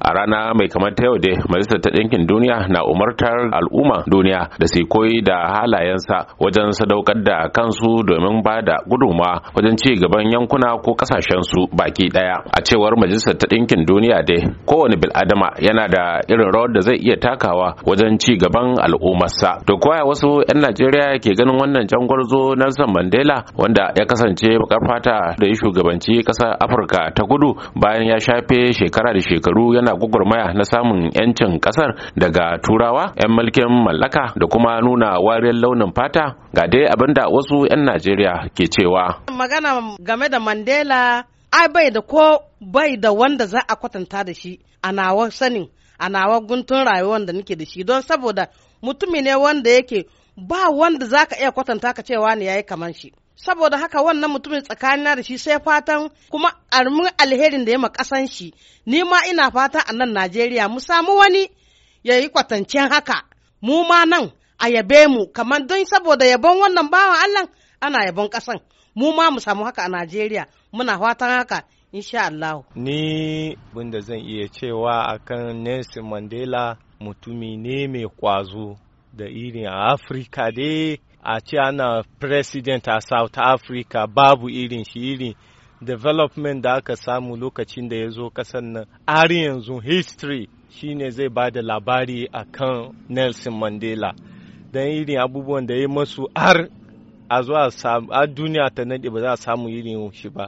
a rana mai kamar ta yau dai majalisar ta ɗinkin duniya na umartar al'umma duniya da su koyi da halayensa wajen sadaukar da kansu domin ba da gudunmawa wajen ci gaban yankuna ko kasashen su baki ɗaya a cewar majalisar ta ɗinkin duniya dai kowane bil'adama yana da irin rawar da zai iya takawa wajen ci gaban al'ummarsa to koya wasu 'yan najeriya ke ganin wannan jangwarzo nelson mandela wanda ya kasance bakar fata da ya shugabanci ƙasar afirka ta kudu bayan ya shafe shekara da shekaru yana suna gwagwarmaya na samun 'yancin kasar daga turawa 'yan mulkin mallaka da kuma nuna wariyar launin fata ga dai abin da wasu 'yan najeriya ke cewa magana game da mandela ai bai da ko bai da wanda za a kwatanta da shi a nawa sanin a nawa guntun rayuwar da nake da shi don saboda mutumi ne wanda yake ba wanda za ka iya kwatanta ka cewa ne ya yi kamar shi saboda haka wannan mutumin tsakanina da shi sai fatan kuma armin alherin da ya makasan shi ni ma ina fatan a nan najeriya mu samu wani ya yi kwatancen haka mu ma nan a yabe mu kamar don saboda yabon wannan bawan allah ana yabon kasan mu ma mu samu haka a najeriya muna fatan haka insha Allah. Ni bunda zan iya cewa akan Nelson Mandela mutumi ne mai kwazo da irin a Afirka dai a ce ana president a south africa babu irin shi irin development da aka samu lokacin da ya zo kasan nan har yanzu history shine zai ba da labari a kan nelson mandela don irin abubuwan da ya masu har a zuwa a duniya ta nade ba za a samu irin shi ba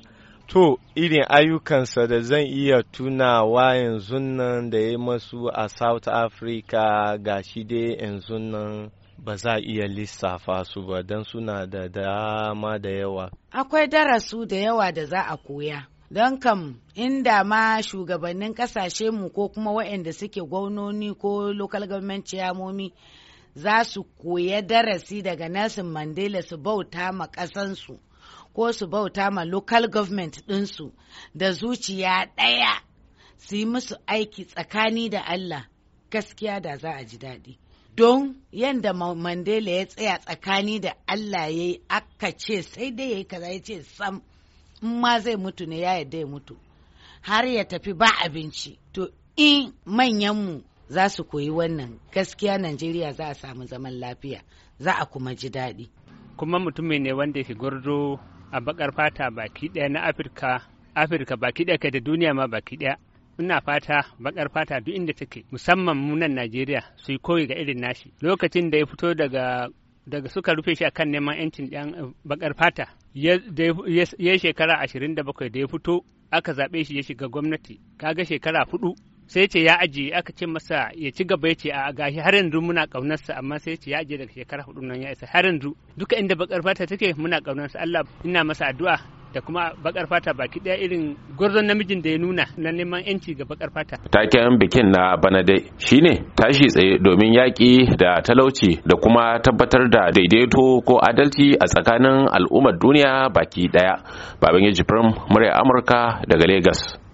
to irin ayyukansa da zan iya tunawa yanzu nan da ya masu a south africa ga shi dai yanzu nan ba za a iya lissafa su ba don suna da dama da yawa. Akwai darasu da yawa da za a koya. Don kam inda ma shugabannin kasashe mu ko kuma waɗanda suke gwamnoni ko local government ciyamomi za su koya darasi daga Nelson Mandela su bauta ma ƙasansu ko su bauta ma local government ɗinsu da zuciya ɗaya su yi musu aiki tsakani da Allah gaskiya da za a ji daɗi. don yadda mandela ya tsaya tsakani da allah ya yi aka ce sai dai ya yi kaza ya ce sam in ma zai mutu ne ya yadda ya mutu har ya tafi ba abinci to in manyanmu za su koyi wannan gaskiya najeriya za a samu zaman lafiya za a kuma ji daɗi kuma mutumin ne wanda yake gurdo a bakar fata baki ɗaya na afirka afirka baki ɗaya da duniya ma baki ɗaya ina fata bakar fata duk inda take musamman mu nan Najeriya su yi koyi ga irin nashi lokacin da ya fito daga daga suka rufe shi akan neman yancin yan eh, bakar fata ya shekara ashirin da bakwai da ya fito aka zaɓe shi ya shiga gwamnati kaga shekara hudu sai ce ya ajiye aka ce masa ya ci gaba ya ce a gashi har yanzu muna kaunarsa amma sai ce ya ajiye daga shekara hudu nan ya isa har yanzu duka inda bakar fata take muna kaunarsa Allah ina masa addu'a da kuma bakar fata baki daya irin gwarzon namijin da ya nuna na neman yanci ga bakar fata. Taken bikin na bana dai shine tashi tsaye domin yaƙi da talauci da kuma tabbatar da daidaito ko adalci a tsakanin al'ummar duniya baki daya. Baban Yaji Firm, murya Amurka daga Legas.